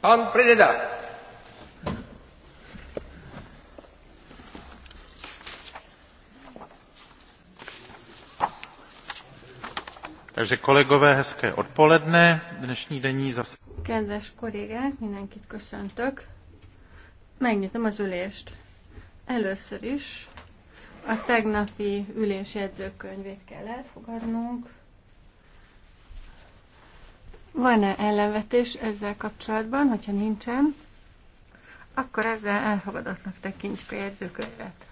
Pan Preda. Takže kolegové, hezké odpoledne. Dnešní denní zase... Kedves kollégák, mindenkit köszöntök. Megnyitom az ülést. Először is a tegnapi ülés kell elfogadnunk. Van-e ellenvetés ezzel kapcsolatban? Hogyha nincsen, akkor ezzel elfogadottnak tekintjük a jegyzőkönyvet.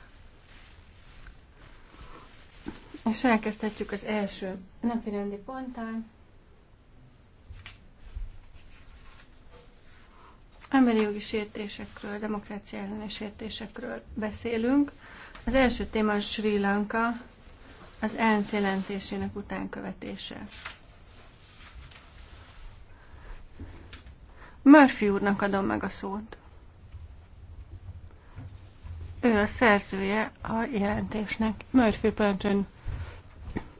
És elkezdhetjük az első napi rendi ponttal. Emberi jogi sértésekről, demokrácia elleni sértésekről beszélünk. Az első téma Sri Lanka, az ENSZ jelentésének utánkövetése. Murphy úrnak adom meg a szót. Ő a szerzője a jelentésnek. Murphy Pöncsön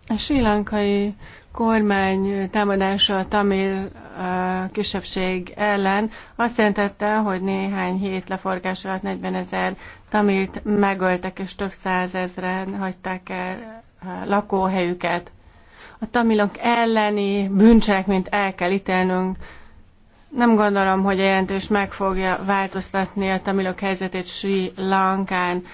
a sílankai kormány támadása a tamil a kisebbség ellen azt jelentette, hogy néhány hét leforgás alatt 40 ezer tamilt megöltek, és több százezren hagyták el lakóhelyüket. A tamilok elleni bűncselekményt el kell ítélnünk, nem gondolom, hogy a jelentés meg fogja változtatni a tamilok helyzetét Sri Lankán.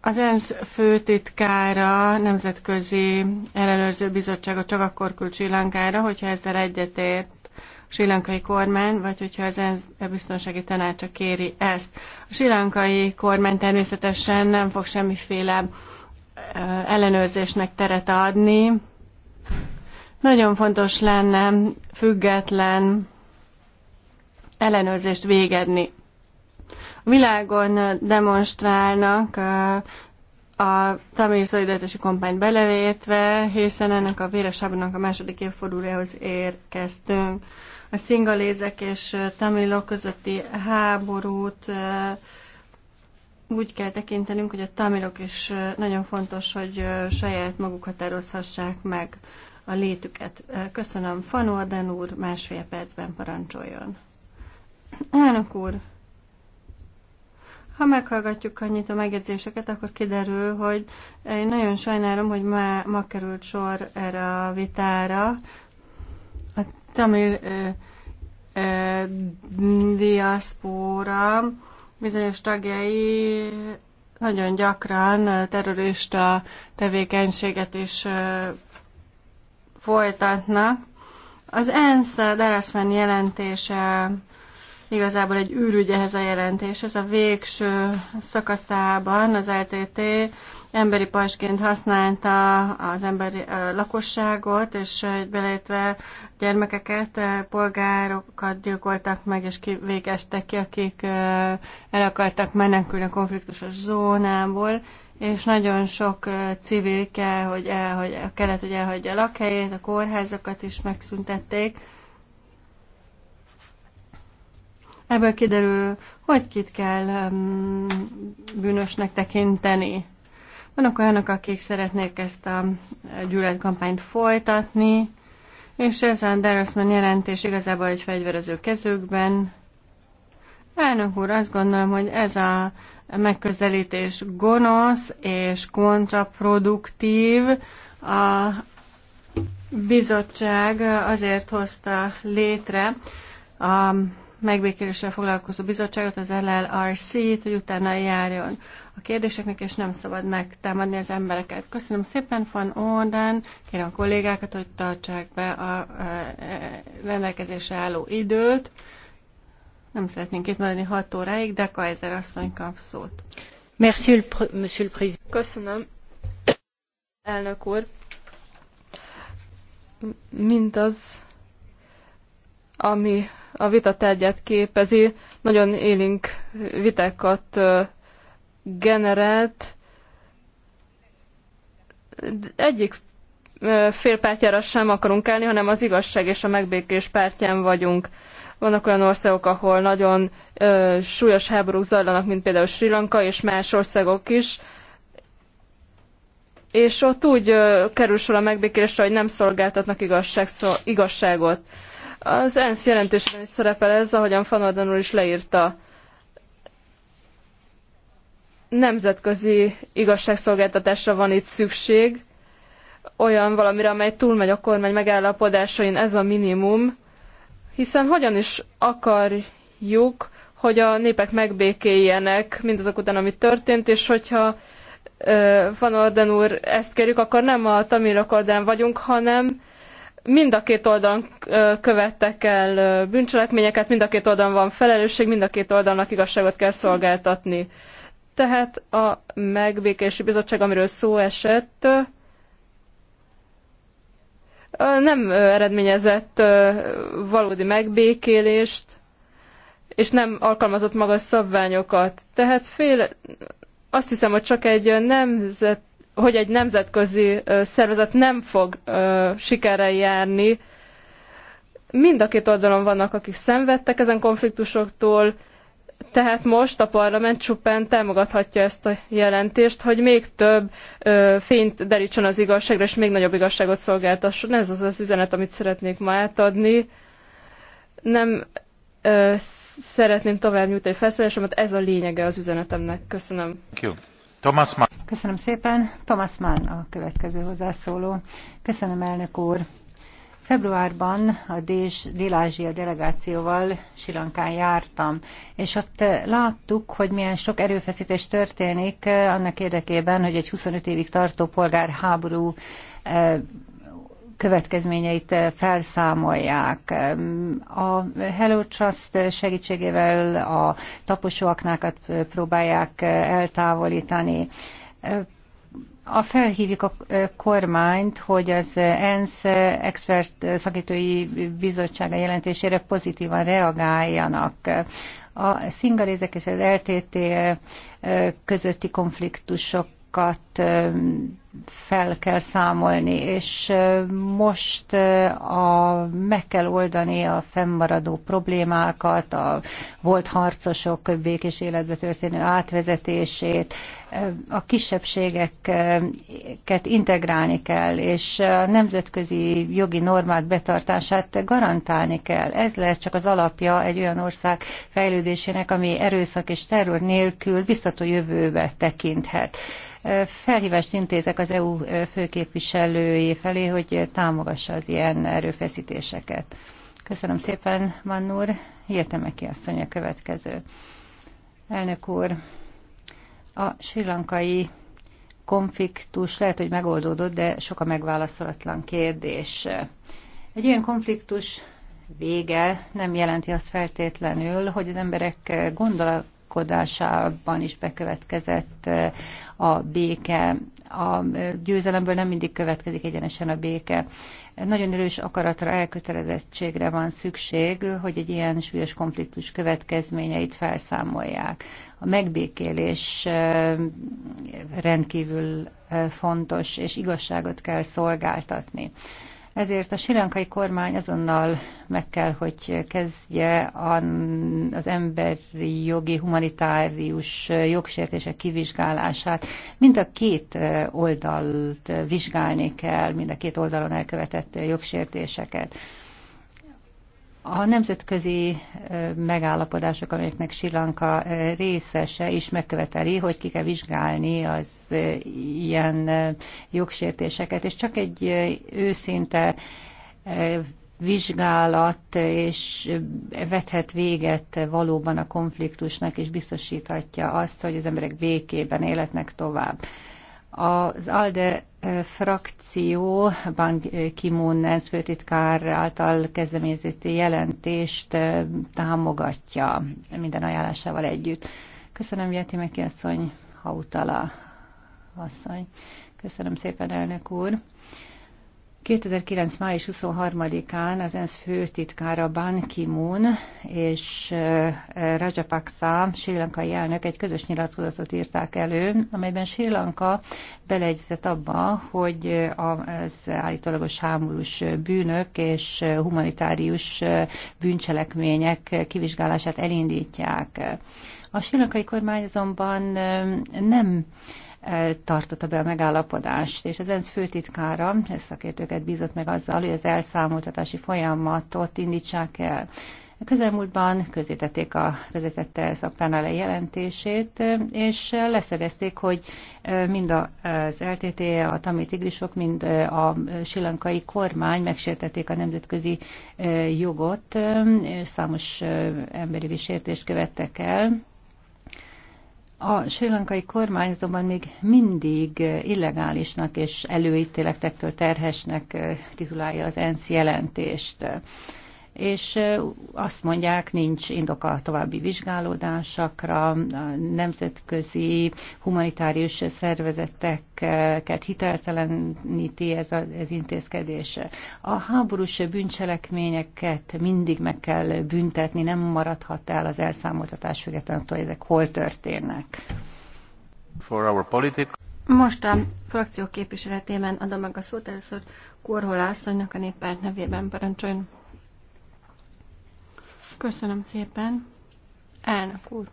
Az ENSZ főtitkára nemzetközi ellenőrző bizottságot csak akkor küld Sri Lankára, hogyha ezzel egyetért Sri Lankai kormány, vagy hogyha az ENSZ biztonsági tanácsa kéri ezt. A Sri Lankai kormány természetesen nem fog semmiféle ellenőrzésnek teret adni, nagyon fontos lenne független ellenőrzést végedni. A világon demonstrálnak a tamil szolidaritási kampányt beleértve, hiszen ennek a véres a második évfordulához érkeztünk. A szingalézek és tamilok közötti háborút úgy kell tekintenünk, hogy a tamilok is nagyon fontos, hogy saját maguk határozhassák meg a létüket. Köszönöm. Fanorden úr másfél percben parancsoljon. Elnök úr, ha meghallgatjuk annyit a megjegyzéseket, akkor kiderül, hogy én nagyon sajnálom, hogy ma, ma került sor erre a vitára. A tamil ö, ö, diaszpóra bizonyos tagjai nagyon gyakran terrorista tevékenységet is folytatnak. Az ENSZ Darasman jelentése igazából egy űrügy ehhez a Ez A végső szakaszában az LTT emberi pajsként használta az emberi a lakosságot, és beleértve gyermekeket, polgárokat gyilkoltak meg, és végeztek ki, akik el akartak menekülni a konfliktusos zónából, és nagyon sok civil kell, hogy, elhagy, kellett, hogy elhagyja a lakhelyét, a kórházakat is megszüntették. Ebből kiderül, hogy kit kell um, bűnösnek tekinteni. Vannak olyanok, akik szeretnék ezt a gyűlöletkampányt folytatni, és ez a Derosman jelentés igazából egy fegyverező kezükben. Elnök úr, azt gondolom, hogy ez a megközelítés gonosz és kontraproduktív. A bizottság azért hozta létre a megbékéléssel foglalkozó bizottságot, az LLRC-t, hogy utána járjon a kérdéseknek, és nem szabad megtámadni az embereket. Köszönöm szépen, Van Orden, kérem a kollégákat, hogy tartsák be a eh, eh, rendelkezésre álló időt. Nem szeretnénk itt maradni 6 óráig, de Kajzer asszony kap szót. Merci, monsieur le président. Köszönöm, elnök úr. Mint az, ami a vita tárgyát képezi, nagyon élénk vitákat generált. Egyik félpártjára sem akarunk állni, hanem az igazság és a megbékés pártján vagyunk. Vannak olyan országok, ahol nagyon ö, súlyos háborúk zajlanak, mint például Sri Lanka és más országok is, és ott úgy ö, kerül sor a megbékélésre, hogy nem szolgáltatnak igazság, szó, igazságot. Az ENSZ jelentésében is szerepel ez, ahogyan Fanorden úr is leírta nemzetközi igazságszolgáltatásra van itt szükség, olyan valamire, amely túlmegy a kormány megállapodásain, ez a minimum, hiszen hogyan is akarjuk, hogy a népek megbékéljenek mindazok után, ami történt, és hogyha Van Orden úr ezt kérjük, akkor nem a tamilok oldalán vagyunk, hanem mind a két oldalon követtek el bűncselekményeket, mind a két oldalon van felelősség, mind a két oldalnak igazságot kell szolgáltatni. Tehát a megbékési bizottság, amiről szó esett, nem eredményezett valódi megbékélést, és nem alkalmazott magas szabványokat. Tehát fél, azt hiszem, hogy csak egy nemzet, hogy egy nemzetközi szervezet nem fog sikerrel járni. Mind a két oldalon vannak, akik szenvedtek ezen konfliktusoktól, tehát most a parlament csupán támogathatja ezt a jelentést, hogy még több ö, fényt derítson az igazságra, és még nagyobb igazságot szolgáltasson. Ez az az üzenet, amit szeretnék ma átadni. Nem ö, szeretném tovább nyújtani felszólásomat, ez a lényege az üzenetemnek. Köszönöm. Thomas Mann. Köszönöm szépen. Thomas Mann a következő hozzászóló. Köszönöm, elnök úr. Februárban a Dél-Ázsia delegációval Silankán jártam, és ott láttuk, hogy milyen sok erőfeszítés történik eh, annak érdekében, hogy egy 25 évig tartó polgárháború eh, következményeit eh, felszámolják. A Hello Trust segítségével a taposóaknákat próbálják eltávolítani a felhívjuk a kormányt, hogy az ENSZ expert szakítói bizottsága jelentésére pozitívan reagáljanak. A szingarézek és az LTT közötti konfliktusokat fel kell számolni, és most a, meg kell oldani a fennmaradó problémákat, a volt harcosok békés életbe történő átvezetését, a kisebbségeket integrálni kell, és a nemzetközi jogi normák betartását garantálni kell. Ez lesz csak az alapja egy olyan ország fejlődésének, ami erőszak és terror nélkül biztató jövőbe tekinthet. Felhívást intézek az EU e, főképviselői felé, hogy támogassa az ilyen erőfeszítéseket. Köszönöm szépen, Mannur. ki asszony a következő. Elnök úr, a lankai konfliktus lehet, hogy megoldódott, de sok a megválaszolatlan kérdés. Egy ilyen konfliktus vége nem jelenti azt feltétlenül, hogy az emberek gondolat uralkodásában is bekövetkezett a béke. A győzelemből nem mindig következik egyenesen a béke. Nagyon erős akaratra, elkötelezettségre van szükség, hogy egy ilyen súlyos konfliktus következményeit felszámolják. A megbékélés rendkívül fontos, és igazságot kell szolgáltatni. Ezért a sirankai kormány azonnal meg kell, hogy kezdje az emberi jogi, humanitárius jogsértések kivizsgálását. Mind a két oldalt vizsgálni kell, mind a két oldalon elkövetett jogsértéseket. A nemzetközi megállapodások, amelyeknek Sri Lanka részese is megköveteli, hogy ki kell vizsgálni az ilyen jogsértéseket, és csak egy őszinte vizsgálat és vethet véget valóban a konfliktusnak, és biztosíthatja azt, hogy az emberek békében életnek tovább. Az ALDE frakció Ban Ki-moon ezfőtitkár által kezdeményezett jelentést támogatja minden ajánlásával együtt. Köszönöm, Vieti Meki asszony, Hautala asszony. Köszönöm szépen, elnök úr. 2009. május 23-án az ENSZ főtitkára Ban Ki-moon és Rajapaksa, Sri Lankai elnök egy közös nyilatkozatot írták elő, amelyben Sri Lanka beleegyezett abba, hogy az állítólagos háborús bűnök és humanitárius bűncselekmények kivizsgálását elindítják. A sri lankai kormány azonban nem tartotta be a megállapodást, és az ENSZ főtitkára szakértőket bízott meg azzal, hogy az elszámoltatási folyamatot indítsák el. A közelmúltban közétették a vezetette ez a panele jelentését, és leszögezték, hogy mind az LTT, a tamil tigrisok, mind a silankai kormány megsértették a nemzetközi jogot, és számos emberi sértést követtek el, a srilankai kormányzóban még mindig illegálisnak és előítéletektől terhesnek eh, titulálja az ENSZ jelentést és azt mondják, nincs indok a további vizsgálódásakra, a nemzetközi humanitárius szervezeteket hitelteleníti ez az intézkedés. A háborús bűncselekményeket mindig meg kell büntetni, nem maradhat el az elszámoltatás függetlenül, hogy ezek hol történnek. For our politics. Most a frakció képviseletében adom meg a szót először Korhola asszonynak a néppárt nevében parancsoljon. Köszönöm szépen. Elnök úr.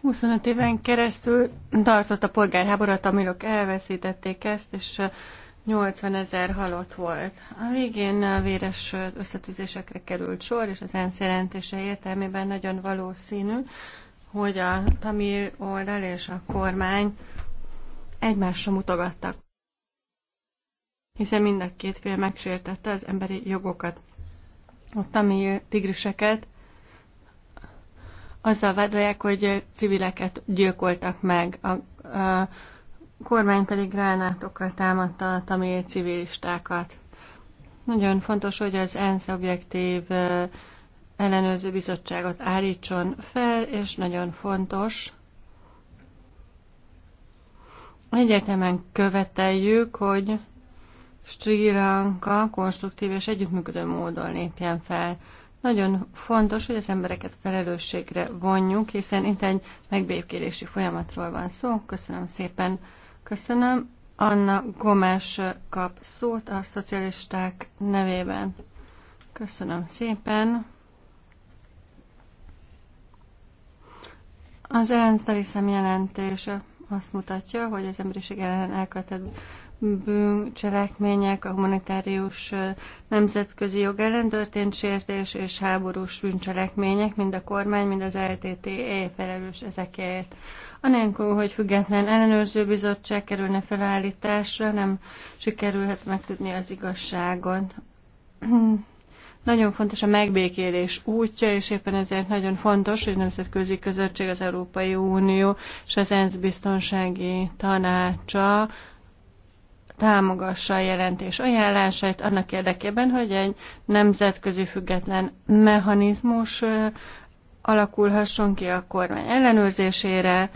25 éven keresztül tartott a polgárháborút, amirok elveszítették ezt, és 80 ezer halott volt. A végén a véres összetűzésekre került sor, és az ENSZ jelentése értelmében nagyon valószínű, hogy a tamil oldal és a kormány egymásra mutogattak, hiszen mind a két fél megsértette az emberi jogokat a tamil tigriseket azzal vádolják, hogy civileket gyilkoltak meg, a, a kormány pedig gránátokkal támadta a tamil civilistákat. Nagyon fontos, hogy az ENSZ objektív ellenőrző bizottságot állítson fel, és nagyon fontos, egyetemen követeljük, hogy Sri Lanka konstruktív és együttműködő módon lépjen fel. Nagyon fontos, hogy az embereket felelősségre vonjuk, hiszen itt egy megbékélési folyamatról van szó. Köszönöm szépen. Köszönöm. Anna Gomes kap szót a szocialisták nevében. Köszönöm szépen. Az ENSZ Dariszem jelentése azt mutatja, hogy az emberiség ellen elkövetett bűncselekmények, a humanitárius nemzetközi jog ellen történt sértés és háborús bűncselekmények, mind a kormány, mind az LTTE felelős ezekért. Anélkül, hogy független ellenőrző bizottság kerülne felállításra, nem sikerülhet megtudni az igazságot. Nagyon fontos a megbékélés útja, és éppen ezért nagyon fontos, hogy nemzetközi közösség, az Európai Unió és az ENSZ biztonsági tanácsa támogassa a jelentés ajánlásait annak érdekében, hogy egy nemzetközi független mechanizmus alakulhasson ki a kormány ellenőrzésére,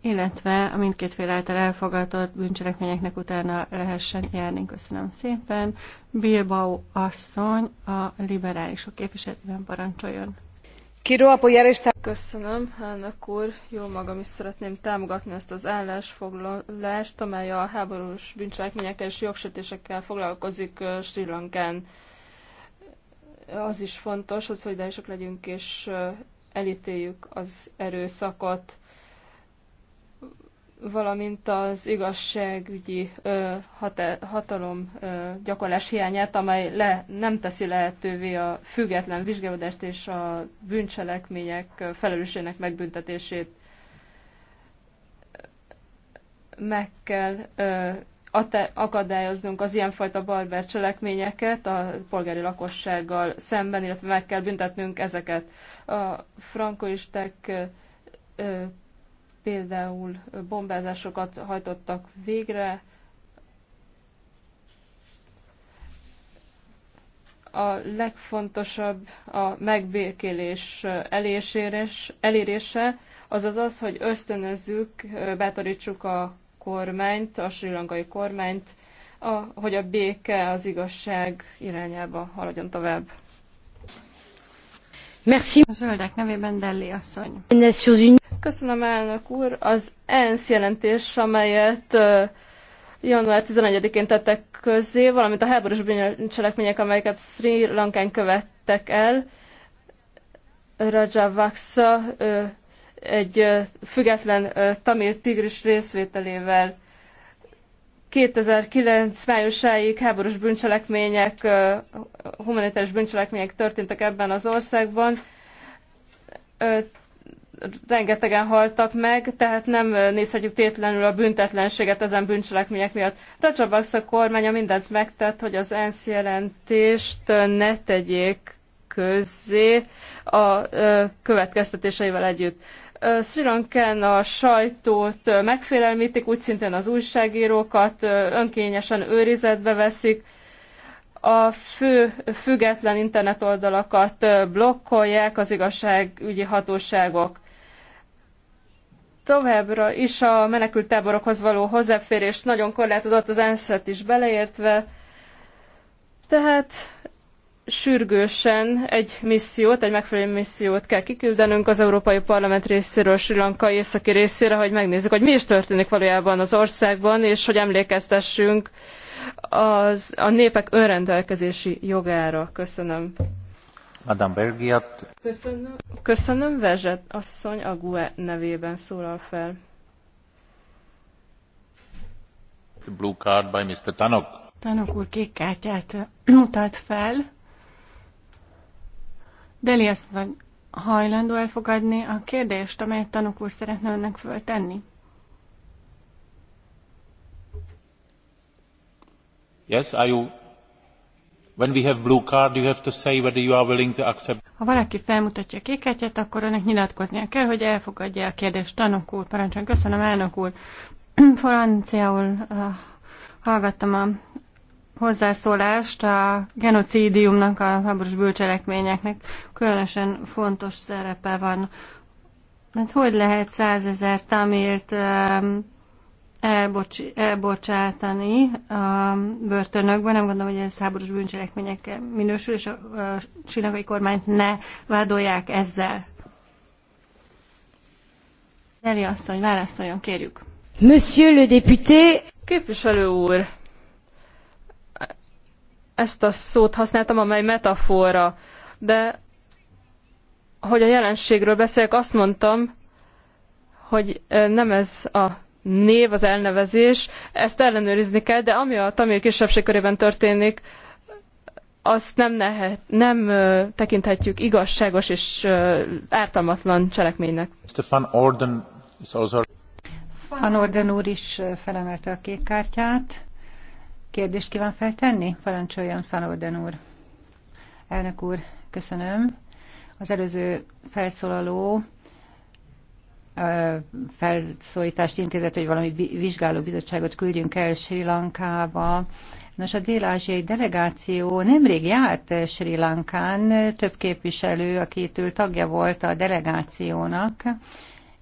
illetve a mindkét fél által elfogadott bűncselekményeknek utána lehessen járni. Köszönöm szépen. Bilbao asszony a liberálisok képviseletében parancsoljon. Köszönöm, elnök úr. Jó is szeretném támogatni ezt az állásfoglalást, amely a háborús bűncselekményekkel és jogsértésekkel foglalkozik Sri Lankán. Az is fontos, hogy szolidárisak legyünk és elítéljük az erőszakot valamint az igazságügyi ö, hatalom ö, gyakorlás hiányát, amely le, nem teszi lehetővé a független vizsgálódást és a bűncselekmények felelősségnek megbüntetését. Meg kell ö, akadályoznunk az ilyenfajta barber cselekményeket a polgári lakossággal szemben, illetve meg kell büntetnünk ezeket. A frankoisták ö, például bombázásokat hajtottak végre, a legfontosabb a megbékélés elérése, azaz az, hogy ösztönözzük, bátorítsuk a kormányt, a sri lankai kormányt, a, hogy a béke az igazság irányába haladjon tovább. Merci. A zöldek nevében Delli asszony. Köszönöm, elnök úr. Az ENSZ jelentés, amelyet január 11-én tettek közzé, valamint a háborús bűncselekmények, amelyeket Sri Lankán követtek el. Rajavaksa egy független tamil tigris részvételével 2009 májusáig háborús bűncselekmények, humanitárius bűncselekmények történtek ebben az országban. Rengetegen haltak meg, tehát nem nézhetjük tétlenül a büntetlenséget ezen bűncselekmények miatt. Rajabaksz a kormánya mindent megtett, hogy az ENSZ jelentést ne tegyék közzé a következtetéseivel együtt. Sri Lankán a sajtót megfélemlítik, úgy szintén az újságírókat önkényesen őrizetbe veszik, a fő független internetoldalakat blokkolják az igazságügyi hatóságok. Továbbra is a menekülttáborokhoz való hozzáférés nagyon korlátozott, az ensz is beleértve. Tehát sürgősen egy missziót, egy megfelelő missziót kell kiküldenünk az Európai Parlament részéről Sri Lanka északi részére, hogy megnézzük, hogy mi is történik valójában az országban, és hogy emlékeztessünk az, a népek önrendelkezési jogára. Köszönöm. Madame Belgiat. Köszönöm, köszönöm Vezset asszony a GUE nevében szólal fel. The blue card by Mr. Tanok. Tanok úr kék kártyát mutat fel. Deli azt hajlandó elfogadni a kérdést, amelyet tanuk úr szeretne önnek föltenni? Yes, are you... When we have blue card, you have to say whether you are willing to accept. Ha valaki felmutatja a akkor önnek nyilatkoznia kell, hogy elfogadja a kérdést. Tanuk úr, parancsolj, köszönöm, elnök úr. Franciául uh, hallgattam a hozzászólást a genocidiumnak a háborús bűncselekményeknek különösen fontos szerepe van. Hát hogy lehet százezer tamilt um, elbocs, elbocsátani a börtönökben. Nem gondolom, hogy ez háborús bűncselekmények minősül, és a, a csillagai kormányt ne vádolják ezzel. Eli asszony, válaszoljon, kérjük. Monsieur le député! Képviselő úr, ezt a szót használtam, amely metafora, de hogy a jelenségről beszélek, azt mondtam, hogy nem ez a név, az elnevezés, ezt ellenőrizni kell, de ami a tamil kisebbség körében történik, azt nem, nehet, nem tekinthetjük igazságos és ártalmatlan cselekménynek. Van Orden, Van Orden úr is felemelte a kék kártyát. Kérdést kíván feltenni? Parancsoljon Orden úr. Elnök úr, köszönöm. Az előző felszólaló felszólítást intézett, hogy valami vizsgálóbizottságot küldjünk el Sri Lankába. Nos, a dél-ázsiai delegáció nemrég járt Sri Lankán, több képviselő, aki itt tagja volt a delegációnak,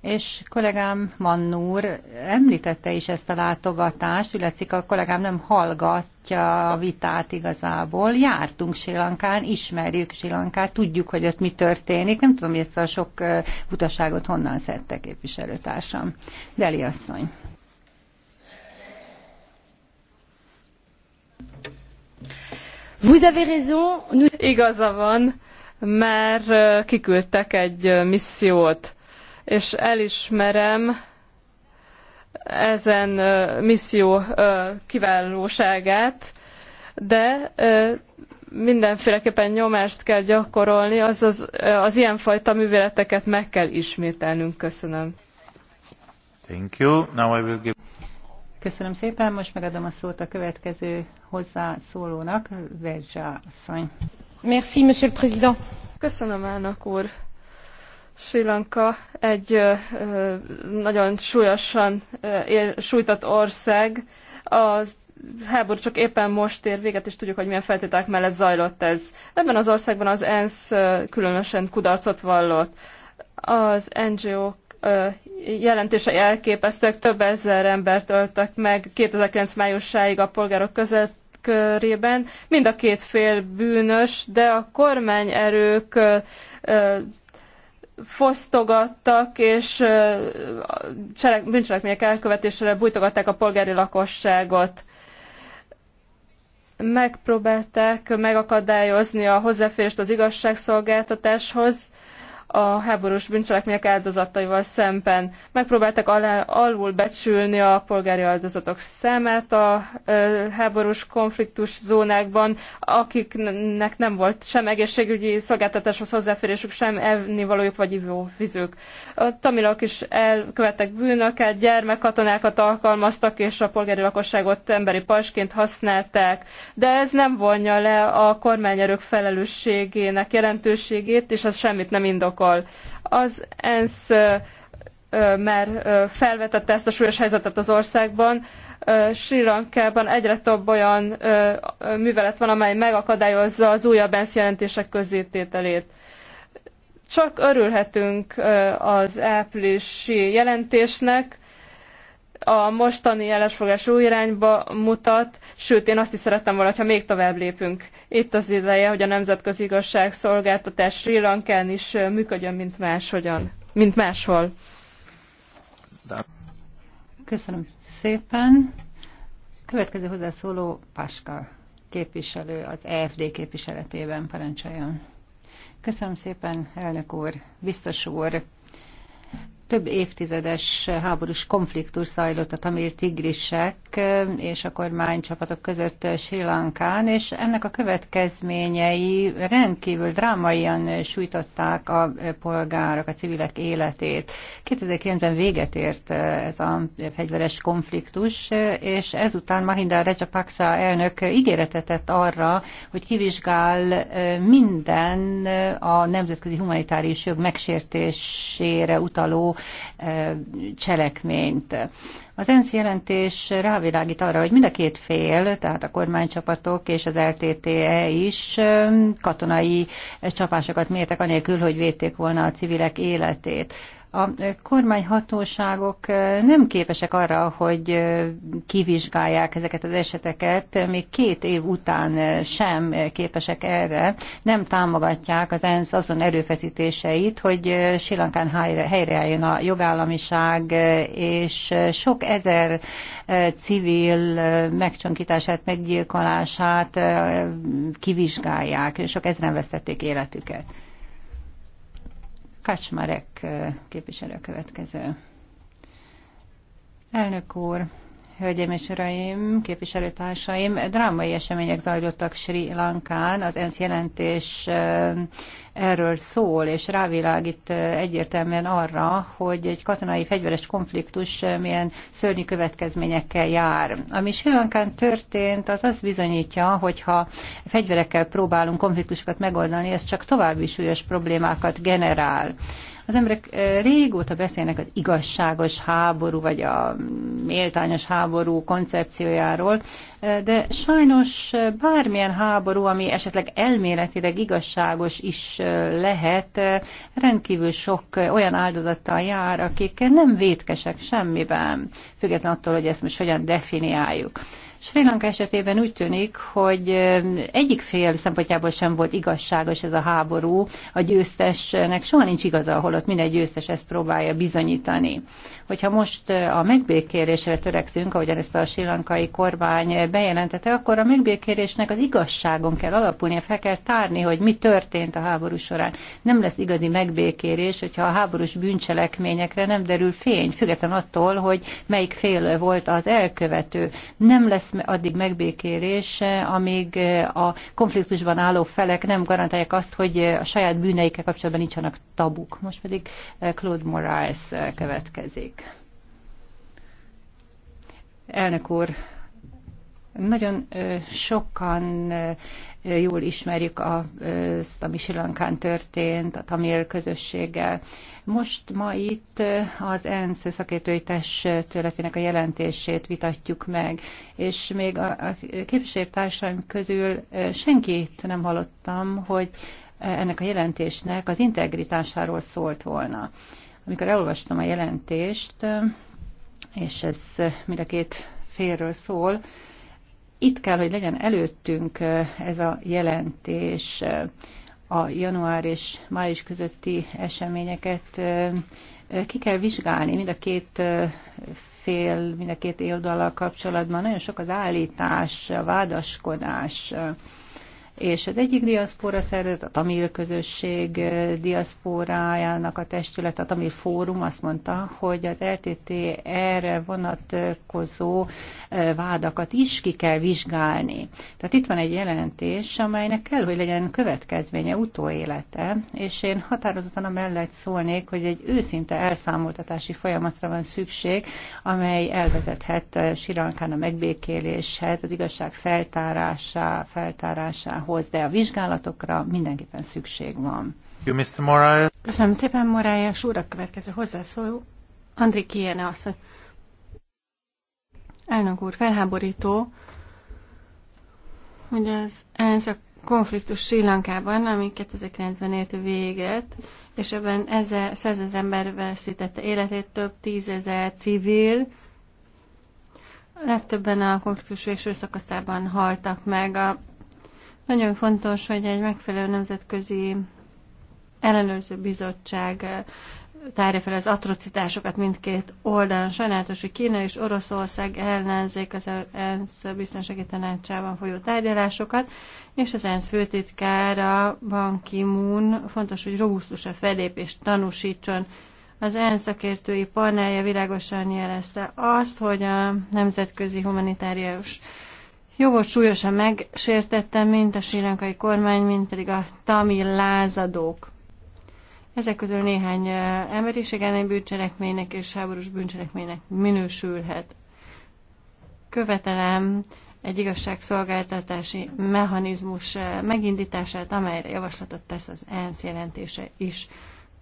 és kollégám Mannúr említette is ezt a látogatást, illetve a kollégám nem hallgatja a vitát igazából. Jártunk Silankán, ismerjük Silankát, tudjuk, hogy ott mi történik. Nem tudom, hogy ezt a sok utaságot honnan szedte képviselőtársam. Deli asszony. Vous avez raison. Nous... Igaza van, mert kiküldtek egy missziót és elismerem ezen misszió kiválóságát, de mindenféleképpen nyomást kell gyakorolni, azaz az ilyenfajta műveleteket meg kell ismételnünk. Köszönöm. Thank you. Now I will give... Köszönöm szépen, most megadom a szót a következő hozzászólónak, Verzsa asszony. Merci, Monsieur le Président. Köszönöm, elnök úr. Sri Lanka egy nagyon súlyosan sújtott ország. A háború csak éppen most ér véget, és tudjuk, hogy milyen feltételek mellett zajlott ez. Ebben az országban az ENSZ különösen kudarcot vallott. Az NGO-k jelentése elképesztőek, több ezer embert öltek meg 2009 májusáig a polgárok között körében. Mind a két fél bűnös, de a kormányerők fosztogattak, és cselek, bűncselekmények elkövetésére bújtogatták a polgári lakosságot. Megpróbálták megakadályozni a hozzáférést az igazságszolgáltatáshoz, a háborús bűncselekmények áldozataival szemben. Megpróbáltak alá, alul becsülni a polgári áldozatok számát a ö, háborús konfliktus zónákban, akiknek nem volt sem egészségügyi szolgáltatáshoz hozzáférésük, sem elnivalójuk vagy ivóvizük. A tamilok is elkövettek bűnöket, gyermekkatonákat alkalmaztak, és a polgári lakosságot emberi pasként használták, de ez nem vonja le a kormányerők felelősségének jelentőségét, és ez semmit nem indok erőszakkal. Az ENSZ már felvetette ezt a súlyos helyzetet az országban. Sri Lankában egyre több olyan művelet van, amely megakadályozza az újabb ENSZ jelentések közzétételét csak örülhetünk az áprilisi jelentésnek, a mostani állásfogás új irányba mutat, sőt, én azt is szerettem volna, ha még tovább lépünk. Itt az ideje, hogy a nemzetközi igazságszolgáltatás Sri Lankán is működjön, mint máshogyan, mint máshol. Köszönöm szépen. Következő hozzászóló Páska képviselő az EFD képviseletében parancsoljon. Köszönöm szépen, elnök úr, biztos úr több évtizedes háborús konfliktus zajlott a tamil tigrisek eh, és a kormánycsapatok között eh, Sri Lankán, és ennek a következményei rendkívül drámaian eh, sújtották a polgárok, a civilek életét. 2009-ben véget ért ez a fegyveres konfliktus, és ezután Mahinda Rajapaksa elnök ígéretet tett arra, hogy kivizsgál minden a nemzetközi humanitárius jog megsértésére utaló cselekményt. Az ENSZ jelentés rávilágít arra, hogy mind a két fél, tehát a kormánycsapatok és az LTTE is katonai csapásokat mértek anélkül, hogy védték volna a civilek életét a kormányhatóságok nem képesek arra, hogy kivizsgálják ezeket az eseteket, még két év után sem képesek erre, nem támogatják az ENSZ azon erőfeszítéseit, hogy Silankán helyreálljon a jogállamiság, és sok ezer civil megcsonkítását, meggyilkolását kivizsgálják, sok ezeren vesztették életüket. Kacsmarek képviselő következő. Elnök úr, Hölgyeim és Uraim, képviselőtársaim, drámai események zajlottak Sri Lankán, az ENSZ jelentés eh, erről szól, és rávilágít eh, egyértelműen arra, hogy egy katonai fegyveres konfliktus eh, milyen szörnyű következményekkel jár. Ami Sri Lankán történt, az azt bizonyítja, hogy ha fegyverekkel próbálunk konfliktusokat megoldani, ez csak további súlyos problémákat generál. Az emberek régóta beszélnek az igazságos háború, vagy a méltányos háború koncepciójáról, de sajnos bármilyen háború, ami esetleg elméletileg igazságos is lehet, rendkívül sok olyan áldozattal jár, akik nem vétkesek semmiben, független attól, hogy ezt most hogyan definiáljuk. Sri Lanka esetében úgy tűnik, hogy egyik fél szempontjából sem volt igazságos ez a háború. A győztesnek soha nincs igaza, holott minden győztes ezt próbálja bizonyítani. Hogyha most a megbékérésre törekszünk, ahogyan ezt a sri lankai kormány bejelentette, akkor a megbékérésnek az igazságon kell alapulnia, fel kell tárni, hogy mi történt a háború során. Nem lesz igazi megbékérés, hogyha a háborús bűncselekményekre nem derül fény, független attól, hogy melyik fél volt az elkövető. Nem lesz lesz addig megbékélése, amíg a konfliktusban álló felek nem garantálják azt, hogy a saját bűneikkel kapcsolatban nincsenek tabuk. Most pedig Claude Morales következik. Elnök úr, nagyon sokan jól ismerjük azt, ami Sri Lankán történt, a tamil közösséggel. Most ma itt az ENSZ szakértői testületének a jelentését vitatjuk meg, és még a, a képviselőtársaim közül senkit nem hallottam, hogy ennek a jelentésnek az integritásáról szólt volna. Amikor elolvastam a jelentést, és ez mind a két félről szól, itt kell, hogy legyen előttünk ez a jelentés a január és május közötti eseményeket ki kell vizsgálni mind a két fél, mind a két oldalal kapcsolatban. Nagyon sok az állítás, a vádaskodás, és az egyik diaszpora szervezet, a tamil közösség eh, diaszporájának a testület, a tamil fórum azt mondta, hogy az LTT erre vonatkozó eh, vádakat is ki kell vizsgálni. Tehát itt van egy jelentés, amelynek kell, hogy legyen következménye, utóélete, és én határozottan a mellett szólnék, hogy egy őszinte elszámoltatási folyamatra van szükség, amely elvezethet eh, Sirankán a megbékéléshez, az igazság feltárásá, feltárásához munkához, de a vizsgálatokra mindenképpen szükség van. Köszönöm szépen, Morályás úr, a következő hozzászóló. Andri Kiene asszony. Elnök úr, felháborító, hogy az ENSZ a konfliktus Sri Lankában, ami 2090 ért véget, és ebben ezer, százezer ember veszítette életét, több tízezer civil, legtöbben a konfliktus végső szakaszában haltak meg. A nagyon fontos, hogy egy megfelelő nemzetközi ellenőrző bizottság eh, tárja fel az atrocitásokat mindkét oldalon. Sajnálatos, hogy Kína és Oroszország ellenzék az ENSZ biztonsági tanácsában folyó tárgyalásokat, és az ENSZ főtitkára Ban Ki-moon fontos, hogy robusztusabb felépést tanúsítson. Az ENSZ szakértői panelje világosan jelezte azt, hogy a nemzetközi humanitárius jogot súlyosan megsértettem, mint a sírenkai kormány, mint pedig a tamil lázadók. Ezek közül néhány emberiség elleni bűncselekménynek és háborús bűncselekménynek minősülhet. Követelem egy igazságszolgáltatási mechanizmus megindítását, amelyre javaslatot tesz az ENSZ jelentése is.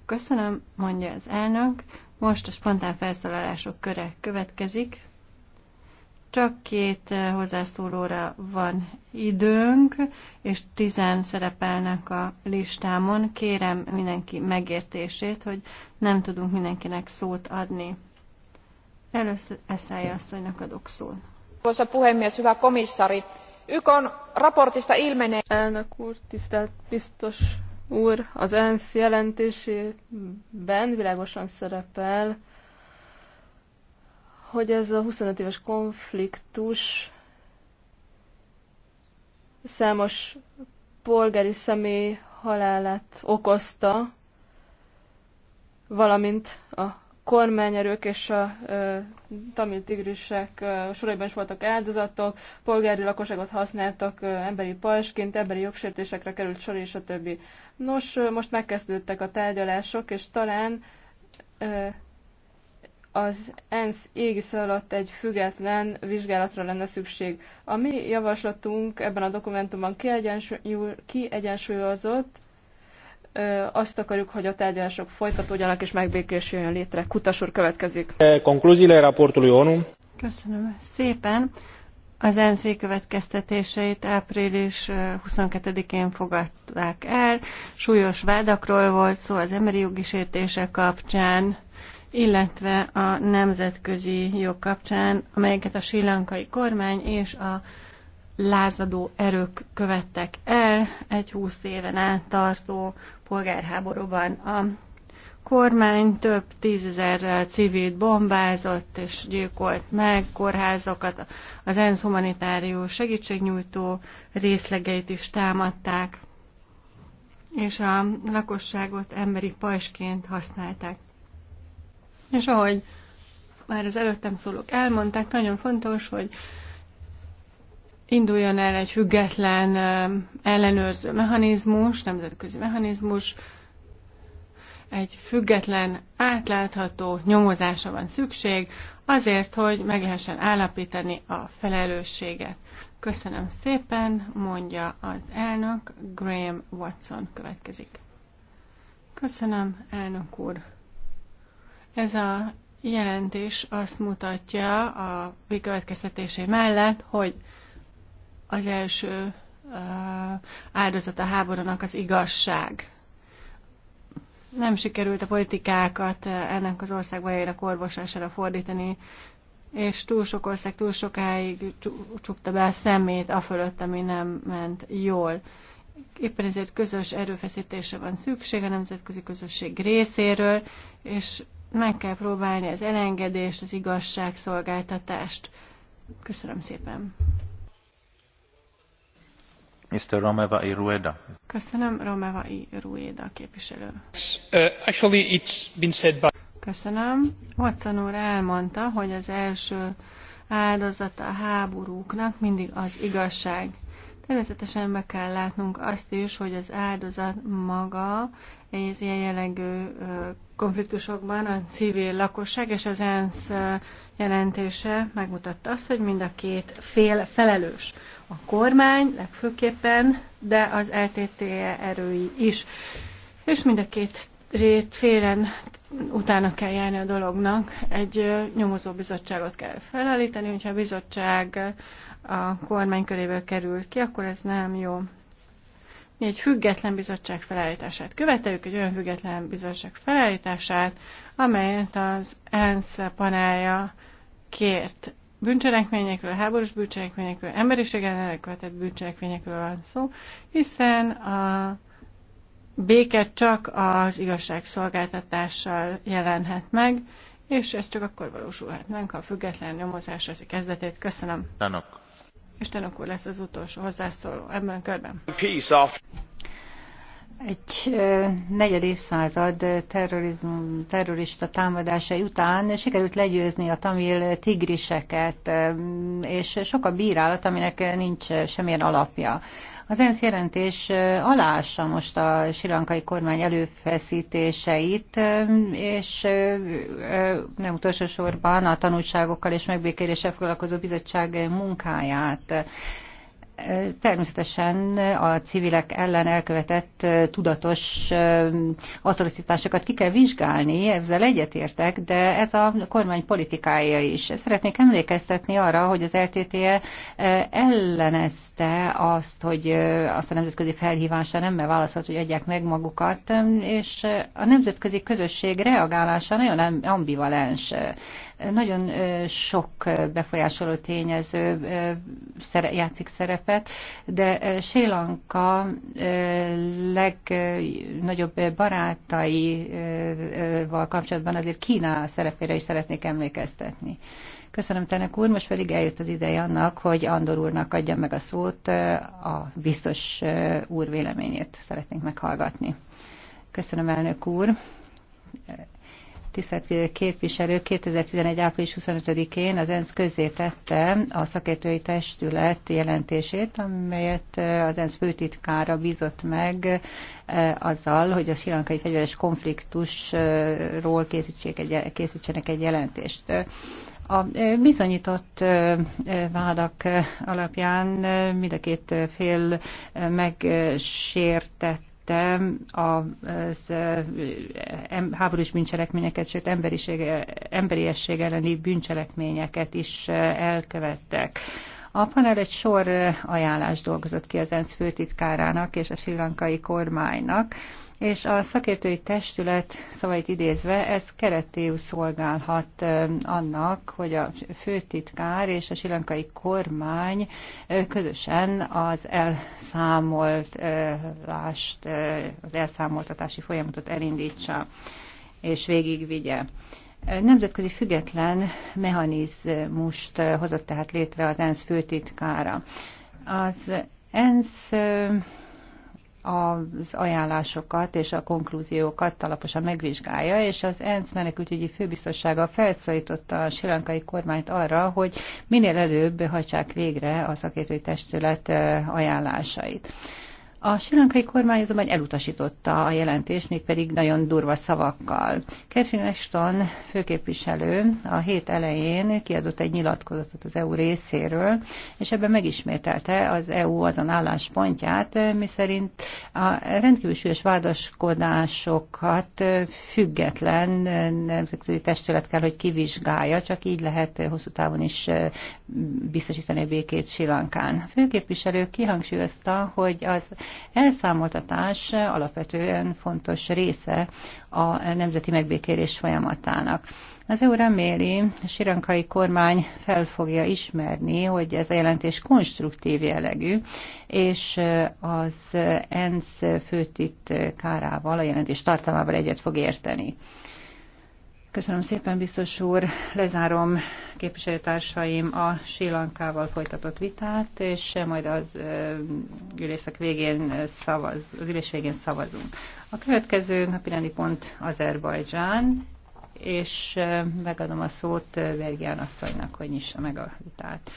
Köszönöm, mondja az elnök. Most a spontán felszólalások köre következik. Csak két eh, hozzászólóra van időnk, és tizen szerepelnek a listámon. Kérem mindenki megértését, hogy nem tudunk mindenkinek szót adni. Először Eszály asszonynak adok szót. Arvoisa puhemies, hyvä komissari. YKn raportista ilmenee... Elnök úr, tisztelt biztos úr, az ENSZ jelentésében világosan szerepel, hogy ez a 25 éves konfliktus számos polgári személy halálát okozta, valamint a kormányerők és a ö, tamil tigrisek soraiban is voltak áldozatok, polgári lakosságot használtak ö, emberi pajsként, emberi jogsértésekre került sor, és a többi. Nos, ö, most megkezdődtek a tárgyalások, és talán ö, az ENSZ égisz alatt egy független vizsgálatra lenne szükség. A mi javaslatunk ebben a dokumentumban kiegyensúlyozott, azt akarjuk, hogy a tárgyalások folytatódjanak és megbékés jöjjön létre. Kutas úr következik. Konklúziile e, raportului ONU. Köszönöm szépen. Az ENSZ következtetéseit április 22-én fogadták el. Súlyos vádakról volt szó az emberi jogi sértése kapcsán illetve a nemzetközi jog kapcsán, amelyeket a silankai kormány és a lázadó erők követtek el egy húsz éven át tartó polgárháborúban. A kormány több tízezer civilt bombázott és gyilkolt meg, kórházokat, az ENSZ humanitárius segítségnyújtó részlegeit is támadták, és a lakosságot emberi pajsként használták. És ahogy már az előttem szólók elmondták, nagyon fontos, hogy induljon el egy független ellenőrző mechanizmus, nemzetközi mechanizmus, egy független, átlátható nyomozása van szükség, azért, hogy meg lehessen állapítani a felelősséget. Köszönöm szépen, mondja az elnök, Graham Watson következik. Köszönöm, elnök úr. Ez a jelentés azt mutatja a következtetésé mellett, hogy az első áldozat a háborúnak az igazság. Nem sikerült a politikákat ennek az ország bajaira orvoslására fordítani, és túl sok ország túl sokáig csukta be a szemét a fölött, ami nem ment jól. Éppen ezért közös erőfeszítésre van szükség a nemzetközi közösség részéről, és meg kell próbálni az elengedést, az igazságszolgáltatást. Köszönöm szépen. Mr. Romeva i Rueda. Köszönöm, Romeva i Rueda képviselő. Uh, actually it's been said by... Köszönöm. Watson úr elmondta, hogy az első áldozata a háborúknak mindig az igazság. Természetesen be kell látnunk azt is, hogy az áldozat maga egy ilyen jellegű konfliktusokban a civil lakosság és az ENSZ jelentése megmutatta azt, hogy mind a két fél felelős. A kormány legfőképpen, de az LTTE erői is. És mind a két félen utána kell járni a dolognak. Egy nyomozó bizottságot kell felállítani, hogyha a bizottság a kormány köréből kerül ki, akkor ez nem jó. Mi egy független bizottság felállítását követeljük, egy olyan független bizottság felállítását, amelyet az ENSZ panája kért. Bűncselekményekről, háborús bűncselekményekről, emberiség ellen elkövetett bűncselekményekről van szó, hiszen a béke csak az igazságszolgáltatással jelenhet meg, és ez csak akkor valósulhat meg, ha a független nyomozás az kezdetét. Köszönöm. Tanok. Isten akkor lesz az utolsó hozzászóló ebben a körben egy negyed évszázad terrorista támadásai után sikerült legyőzni a tamil tigriseket, és sok a bírálat, aminek nincs semmilyen alapja. Az ENSZ jelentés alássa most a silankai kormány előfeszítéseit, és nem utolsó sorban a tanulságokkal és megbékéléssel foglalkozó bizottság munkáját. Természetesen a civilek ellen elkövetett tudatos atrocitásokat ki kell vizsgálni, ezzel egyetértek, de ez a kormány politikája is. Szeretnék emlékeztetni arra, hogy az LTTE ellenezte azt, hogy azt a nemzetközi felhívásra nem válaszolt, hogy adják meg magukat, és a nemzetközi közösség reagálása nagyon ambivalens. Nagyon sok befolyásoló tényező játszik szerepet, de Sri Lanka legnagyobb barátaival kapcsolatban azért Kína szerepére is szeretnék emlékeztetni. Köszönöm, Tenek úr. Most pedig eljött az ideje annak, hogy Andor úrnak adja meg a szót. A biztos úr véleményét szeretnénk meghallgatni. Köszönöm, elnök úr tisztelt képviselő 2011. április 25-én az ENSZ közzé tette a szakértői testület jelentését, amelyet eh, az ENSZ főtitkára bízott meg eh, azzal, hogy a silankai fegyveres konfliktusról egy, készítsenek egy jelentést. A eh, bizonyított vádak alapján mind a két fél megsértett megtette a háborús bűncselekményeket, sőt emberiesség elleni bűncselekményeket is elkövettek. A panel egy sor ajánlást dolgozott ki az ENSZ főtitkárának és a sri lankai kormánynak, és a szakértői testület szavait idézve ez keretéül szolgálhat annak, hogy a főtitkár és a silankai kormány közösen az elszámoltást, az elszámoltatási folyamatot elindítsa és végigvigye. Nemzetközi független mechanizmust hozott tehát létre az ENSZ főtitkára. Az ENSZ az ajánlásokat és a konklúziókat alaposan megvizsgálja, és az ENSZ menekültügyi főbiztossága felszólította a silankai kormányt arra, hogy minél előbb hajtsák végre a szakértői testület ajánlásait. A silankai kormány azonban elutasította a jelentést, mégpedig nagyon durva szavakkal. Catherine Ashton főképviselő a hét elején kiadott egy nyilatkozatot az EU részéről, és ebben megismételte az EU azon álláspontját, miszerint a rendkívül súlyos vádaskodásokat független nemzetközi testület kell, hogy kivizsgálja, csak így lehet hosszú távon is biztosítani a békét Silankán. A főképviselő kihangsúlyozta, hogy az Elszámoltatás alapvetően fontos része a nemzeti megbékélés folyamatának. Az EU reméli, a sirankai kormány fel fogja ismerni, hogy ez a jelentés konstruktív jellegű, és az ENSZ főtitkárával a jelentés tartalmával egyet fog érteni. Köszönöm szépen, biztos úr. Lezárom képviselőtársaim a Sri-Lankával folytatott vitát, és majd az ülések végén szavaz, az ülés végén szavazunk. A következő napirendi pont Azerbajdzsán, és megadom a szót Vergián asszonynak, hogy nyissa meg a vitát.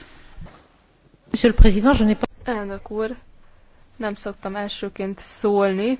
Monsieur le Président, je n'ai pas... Elnök úr, nem szoktam elsőként szólni,